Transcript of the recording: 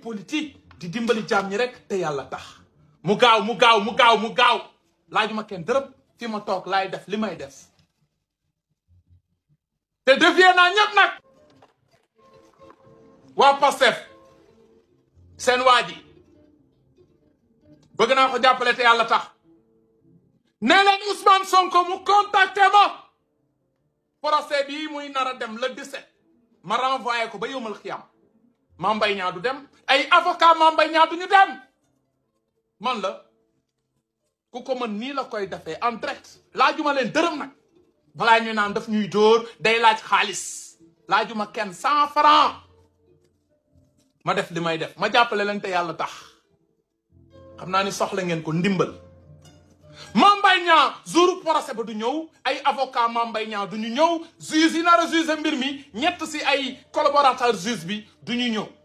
politique di dimbali jaam ñi rek te yàlla tax mu gaaw mu gaaw mu gaaw mu gaaw laajuma kenn dërëm fi ma toog laay def li may def te defee naa ñat nag waa Pastef seen waa ji bëgg naa ko jàppale te yàlla tax nee leen Ousmane Sonko mu contacté ma procès bii muy nar dem le 17 ma renvoyé ko ba yómal xiyam Mame Mbaye Niang du dem ay avocat Mame Mbaye Niang du dem man la ku ko mën nii la koy defee en direct laajuma leen dërëm nag balaa ñu naan daf ñuy dóor day laaj xaalis laajuma kenn cent franc ma def li may def ma jàppale leen te yàlla tax xam naa ni soxla ngeen ko ndimbal Mame Mbaye Niang jour procès ba du ñëw ay avocat Mame Mbaye du ñu ñëw juge yi nar a juger mbir mi ñett si ay collaborateur juge bi du ñu ñëw